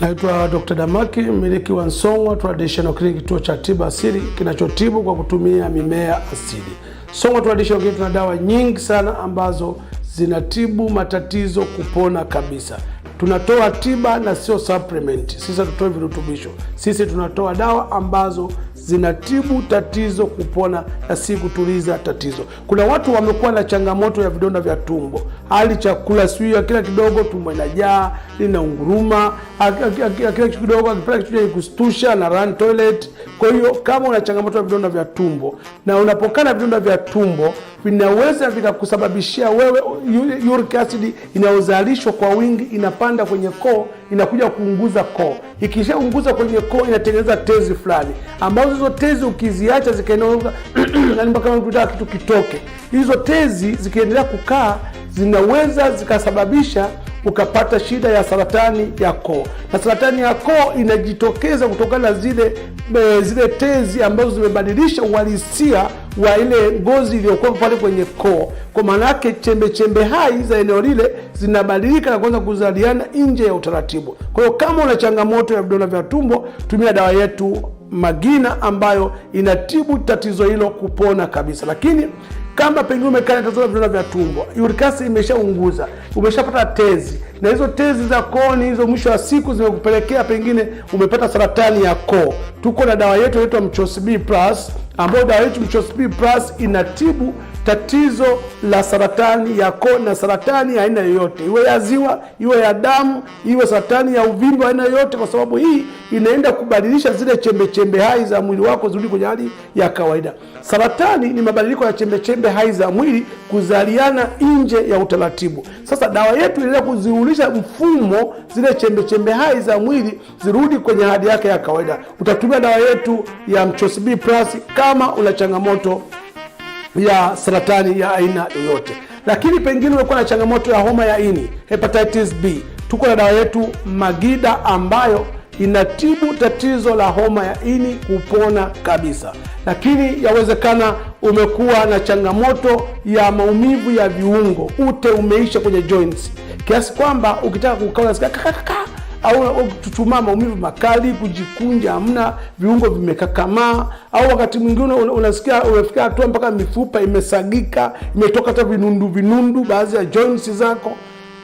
Naitwa Dr. Damaki, mmiliki wa Song'wa Traditional Clinic, kituo cha tiba asili kinachotibu kwa kutumia mimea asili. Song'wa Traditional Clinic tuna dawa nyingi sana ambazo zinatibu matatizo kupona kabisa. Tunatoa tiba na sio supplement. Sisi tutoe virutubisho, sisi tunatoa dawa ambazo zinatibu tatizo kupona na si kutuliza tatizo. Kuna watu wamekuwa na changamoto ya vidonda vya tumbo, hali chakula sijui kila kidogo tumbo inajaa linaunguruma, akila kidogo akipata kitu cha kustusha na run toilet. Kwa hiyo kama una changamoto ya vidonda vya tumbo na unapokaa na vidonda vya tumbo vinaweza vikakusababishia wewe uric acid inayozalishwa kwa wingi inapanda kwenye koo, inakuja kuunguza koo. Ikishaunguza kwenye koo, inatengeneza tezi fulani, ambazo hizo tezi ukiziacha zikaenea kama kutaka kitu kitoke, hizo tezi zikiendelea kukaa zinaweza zikasababisha ukapata shida ya saratani ya koo, na saratani ya koo inajitokeza kutokana na zile, eh, zile tezi ambazo zimebadilisha uhalisia wa ile ngozi iliyokuwa pale kwenye koo. Kwa maana yake chembe chembe hai za eneo lile zinabadilika na kuanza kuzaliana nje ya utaratibu. Kwa hiyo kama una changamoto ya vidonda vya tumbo, tumia dawa yetu Magina ambayo inatibu tatizo hilo kupona kabisa, lakini kama pengine umekaa na tatizo la vidonda vya tumbo, uric acid imeshaunguza, umeshapata tezi, na hizo tezi za koo ni hizo, mwisho wa siku zimekupelekea pengine umepata saratani ya koo. Tuko na dawa yetu inaitwa Mchosb Plus, ambayo dawa yetu Mchosibi Plus inatibu tatizo la saratani ya koo na saratani ya aina yoyote, iwe ya ziwa, iwe ya damu, iwe saratani ya uvimbe aina yoyote, kwa sababu hii inaenda kubadilisha zile chembechembe hai za mwili wako zirudi kwenye hali ya kawaida. Saratani ni mabadiliko ya chembechembe hai za mwili kuzaliana nje ya utaratibu. Sasa dawa yetu inaenda kuziulisha mfumo zile chembechembe hai za mwili zirudi kwenye hali yake ya kawaida. Utatumia dawa yetu ya Mchosibi Plus kama una changamoto ya saratani ya aina yoyote. Lakini pengine umekuwa na changamoto ya homa ya ini, hepatitis B, tuko na dawa yetu Magida ambayo inatibu tatizo la homa ya ini kupona kabisa. Lakini yawezekana umekuwa na changamoto ya maumivu ya viungo, ute umeisha kwenye joints kiasi kwamba ukitaka kukaa au kuchuchumaa, maumivu makali, kujikunja, hamna, viungo vimekakamaa, au wakati mwingine unasikia umefika hatua mpaka mifupa imesagika, imetoka hata vinundu vinundu baadhi ya joints zako.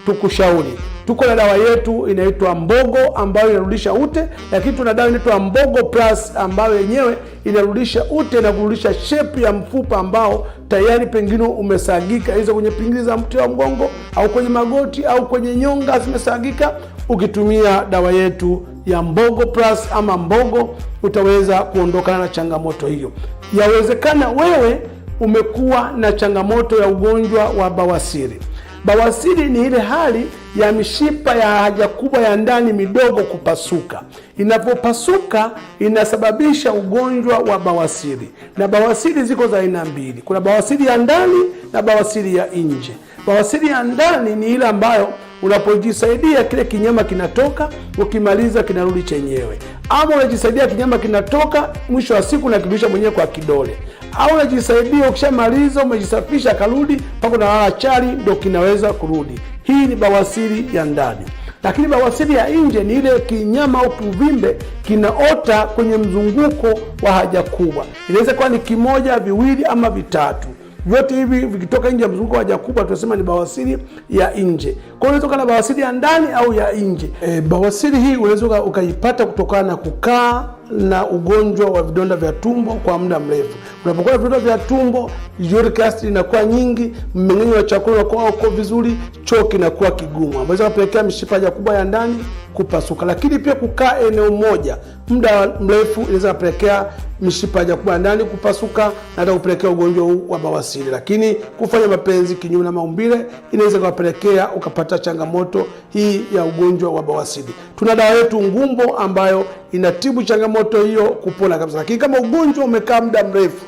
Tukushauri, tuko na dawa yetu inaitwa Mbogo ambayo inarudisha ute, lakini tuna dawa inaitwa Mbogo Plus ambayo yenyewe inarudisha ute na kurudisha shepu ya mfupa ambao tayari pengine umesagika, hizo kwenye pingili za mti wa mgongo au kwenye magoti au kwenye nyonga zimesagika ukitumia dawa yetu ya Mbogo Plus ama Mbogo utaweza kuondokana na changamoto hiyo. Yawezekana wewe umekuwa na changamoto ya ugonjwa wa bawasiri. Bawasiri ni ile hali ya mishipa ya haja kubwa ya ndani midogo kupasuka. Inapopasuka inasababisha ugonjwa wa bawasiri, na bawasiri ziko za aina mbili. Kuna bawasiri ya ndani na bawasiri ya nje. Bawasiri ya ndani ni ile ambayo unapojisaidia kile kinyama kinatoka, ukimaliza kinarudi chenyewe, ama unajisaidia kinyama kinatoka, mwisho wa siku unakirudisha mwenyewe kwa kidole, au unajisaidia ukishamaliza, umejisafisha, karudi pako na chali, ndo kinaweza kurudi. Hii ni bawasiri ya ndani, lakini bawasiri ya nje ni ile kinyama au kiuvimbe kinaota kwenye mzunguko wa haja kubwa. Inaweza kuwa ni kimoja, viwili ama vitatu. Vyote hivi vikitoka nje ya mzunguko wa haja kubwa tunasema ni bawasiri ya nje. Kwa hiyo unaweza na bawasiri ya ndani au ya nje. E, bawasiri hii unaweza ukaipata kutokana na kukaa na ugonjwa wa vidonda vya tumbo kwa muda mrefu. Unapokuwa na vidonda vya tumbo, uric acid inakuwa nyingi, mmeng'enyo wa chakula unakuwa uko vizuri, choo kinakuwa kigumu, ambacho kupelekea mishipa haja kubwa ya ndani kupasuka. Lakini pia kukaa eneo moja muda mrefu inaweza kupelekea mishipa haja kubwa ya ndani kupasuka na hata kupelekea ugonjwa huu wa bawasiri. Lakini kufanya mapenzi kinyume na maumbile inaweza kupelekea ukapata changamoto hii ya ugonjwa wa bawasiri. Tuna dawa yetu Ngumbo ambayo inatibu changamoto changamoto hiyo kupona kabisa. Lakini kama ugonjwa umekaa muda mrefu,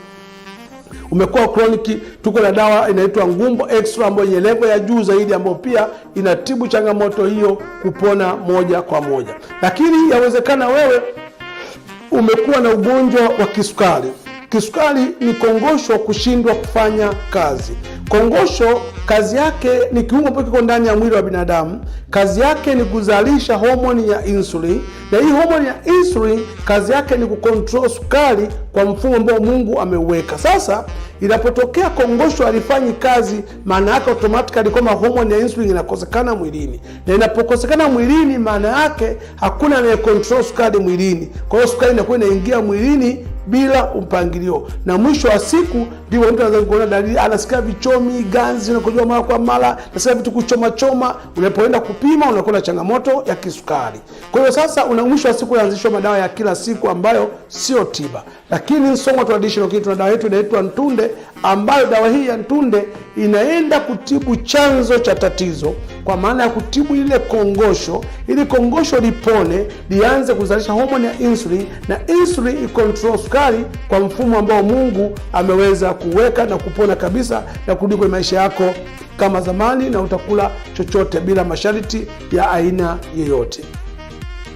umekuwa chronic, tuko na dawa inaitwa Ngumbo Extra ambayo yenye levo ya juu zaidi, ambayo pia inatibu changamoto hiyo kupona moja kwa moja. Lakini yawezekana wewe umekuwa na ugonjwa wa kisukari Kisukari ni kongosho kushindwa kufanya kazi. Kongosho kazi yake ni kiungo ambacho kiko ndani ya mwili wa binadamu, kazi yake ni kuzalisha homoni ya insulin, na hii homoni ya insulin kazi yake ni kukontrol sukari kwa mfumo ambao Mungu ameuweka. Sasa inapotokea kongosho alifanyi kazi, maana yake automatically kwamba homoni ya insulin inakosekana mwilini, na inapokosekana mwilini, maana yake hakuna anayekontrol sukari mwilini. Kwa hiyo sukari inakuwa inaingia mwilini bila mpangilio, na mwisho wa siku Ndivyo mtu anaweza kuona dalili, anasikia vichomi, ganzi unakojoa mara kwa mara, nasikia vitu kuchoma choma. Unapoenda kupima unakuwa na changamoto ya kisukari. Kwa hiyo sasa, una mwisho wa siku unaanzishwa madawa ya kila siku ambayo sio tiba, lakini Song'wa Traditional Clinic tuna dawa yetu inaitwa Ntunde, ambayo dawa hii ya Ntunde inaenda kutibu chanzo cha tatizo, kwa maana ya kutibu ile kongosho, ili kongosho lipone, lianze kuzalisha homoni ya insulin, na insulin ikontrol sukari kwa mfumo ambao Mungu ameweza kuweka na kupona kabisa na kurudi kwenye maisha yako kama zamani, na utakula chochote bila masharti ya aina yoyote.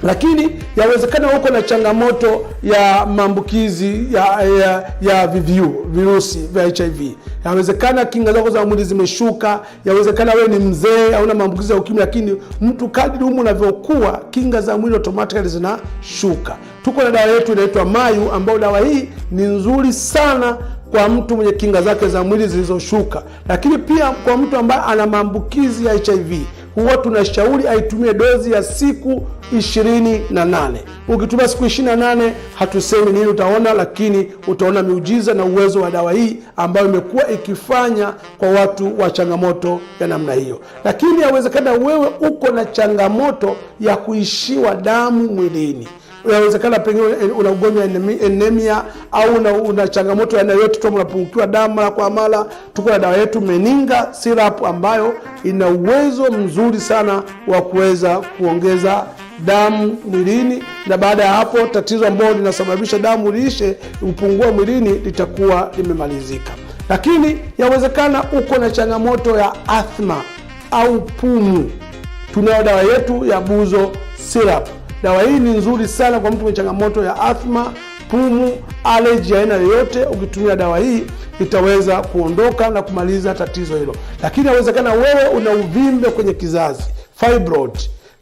Lakini yawezekana huko na changamoto ya maambukizi ya, ya, ya VVU, virusi vya HIV. Yawezekana kinga zako za mwili zimeshuka, yawezekana wewe ni mzee, hauna maambukizi ya ukimwi, lakini mtu kadri umu unavyokuwa kinga za mwili automatically zinashuka. Tuko na dawa yetu inaitwa Mayu, ambayo dawa hii ni nzuri sana kwa mtu mwenye kinga zake za mwili zilizoshuka, lakini pia kwa mtu ambaye ana maambukizi ya HIV huwa tunashauri aitumie dozi ya siku 28. Ukitumia siku 28, hatusemi nini utaona, lakini utaona miujiza na uwezo wa dawa hii ambayo imekuwa ikifanya kwa watu wa changamoto ya namna hiyo. Lakini yawezekana wewe uko na changamoto ya kuishiwa damu mwilini unawezekana pengine una ugonjwa anemia au una, una changamoto ya aina yoyote tu, unapungukiwa damu mara kwa mara. Tuko na dawa yetu Meninga Syrup ambayo ina uwezo mzuri sana wa kuweza kuongeza damu mwilini, na baada ya hapo tatizo ambalo linasababisha damu liishe upungua mwilini litakuwa limemalizika. Lakini yawezekana uko na changamoto ya athma au pumu, tunayo dawa yetu ya Buzo Syrup. Dawa hii ni nzuri sana kwa mtu mwenye changamoto ya athma, pumu, aleji ya aina yoyote. Ukitumia dawa hii itaweza kuondoka na kumaliza tatizo hilo, lakini inawezekana wewe una uvimbe kwenye kizazi fibroid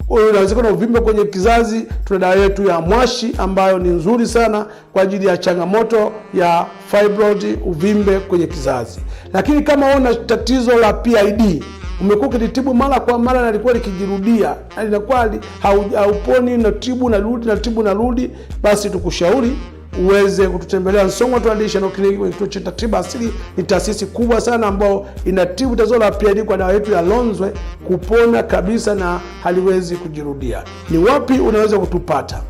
unawezekana uvimbe kwenye kizazi. Tuna dawa yetu ya mwashi ambayo ni nzuri sana kwa ajili ya changamoto ya fibroid, uvimbe kwenye kizazi. Lakini kama una tatizo la PID umekuwa ukilitibu mara kwa mara na likuwa likijirudia na linakuwa hauponi, natibu narudi, natibu narudi, basi tukushauri uweze kututembelea Song'wa Traditional Clinic kwenye kituo cha tiba asili. Ni taasisi kubwa sana ambayo inatibu tatizo la PID kwa dawa yetu ya Lonzwe kupona kabisa na haliwezi kujirudia. Ni wapi unaweza kutupata?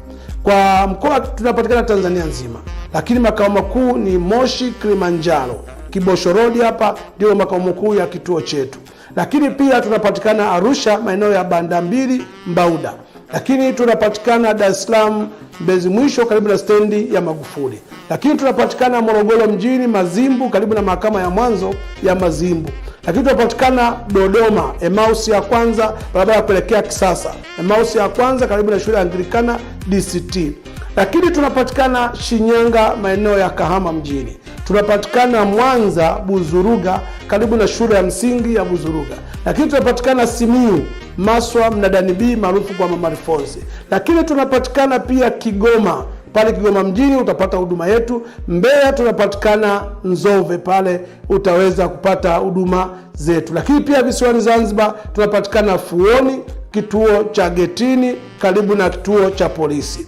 Kwa mkoa tunapatikana Tanzania nzima, lakini makao makuu ni Moshi, Kilimanjaro, Kibosho Road. Hapa ndio makao makuu ya kituo chetu lakini pia tunapatikana Arusha maeneo ya banda mbili Mbauda, lakini tunapatikana Dar es Salaam Mbezi Mwisho karibu na stendi ya Magufuli, lakini tunapatikana Morogoro mjini Mazimbu karibu na mahakama ya mwanzo ya Mazimbu, lakini tunapatikana Dodoma Emausi ya kwanza barabara ya kuelekea Kisasa, Emausi ya kwanza karibu na shule ya Anglikana DCT, lakini tunapatikana Shinyanga maeneo ya Kahama mjini, tunapatikana Mwanza Buzuruga karibu na shule ya msingi ya Buzuruga, lakini tunapatikana simiu Maswa mnadani B maarufu kwa Mama Alfonsi, lakini tunapatikana pia Kigoma pale Kigoma mjini utapata huduma yetu. Mbeya tunapatikana Nzove, pale utaweza kupata huduma zetu. Lakini pia visiwani Zanzibar tunapatikana Fuoni, kituo cha Getini karibu na kituo cha polisi.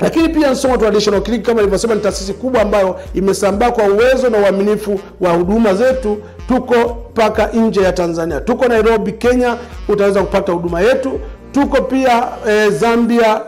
Lakini pia Song'wa Traditional Clinic kama nilivyosema, ni taasisi kubwa ambayo imesambaa kwa uwezo na uaminifu wa huduma zetu. Tuko mpaka nje ya Tanzania, tuko Nairobi, Kenya, utaweza kupata huduma yetu. Tuko pia eh, Zambia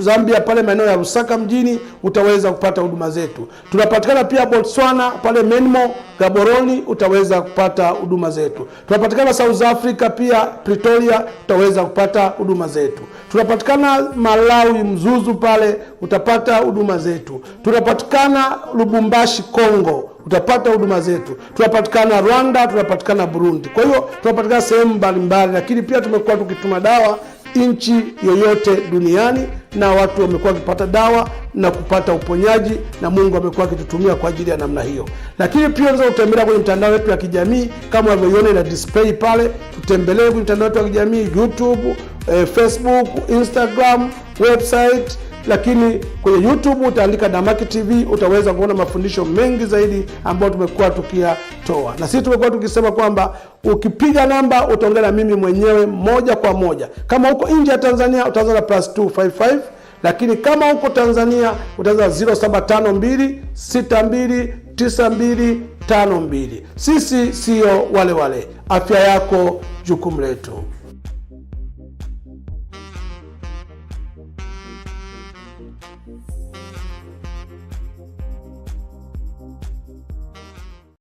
Zambia pale maeneo ya Lusaka mjini utaweza kupata huduma zetu. Tunapatikana pia Botswana pale Menmo Gaboroni, utaweza kupata huduma zetu. Tunapatikana South Africa pia Pretoria, utaweza kupata huduma zetu. Tunapatikana Malawi Mzuzu pale utapata huduma zetu. Tunapatikana Lubumbashi Kongo utapata huduma zetu. Tunapatikana Rwanda, tunapatikana Burundi. Kwa hiyo tunapatikana sehemu mbalimbali, lakini pia tumekuwa tukituma dawa nchi yoyote duniani, na watu wamekuwa wakipata dawa na kupata uponyaji, na Mungu amekuwa akitutumia kwa ajili ya namna hiyo. Lakini pia unaweza kutembelea kwenye mtandao wetu wa kijamii kama unavyoiona ina display pale. Tutembelee kwenye mtandao wetu wa kijamii YouTube, eh, Facebook, Instagram, website lakini kwenye YouTube utaandika Damaki TV utaweza kuona mafundisho mengi zaidi ambayo tumekuwa tukiyatoa, na sisi tumekuwa tukisema kwamba ukipiga namba utaongea na mimi mwenyewe moja kwa moja. Kama uko nje ya Tanzania utaanza na plus 255 lakini kama uko Tanzania utaanza 0752629252. Sisi siyo wale wale. Afya yako jukumu letu.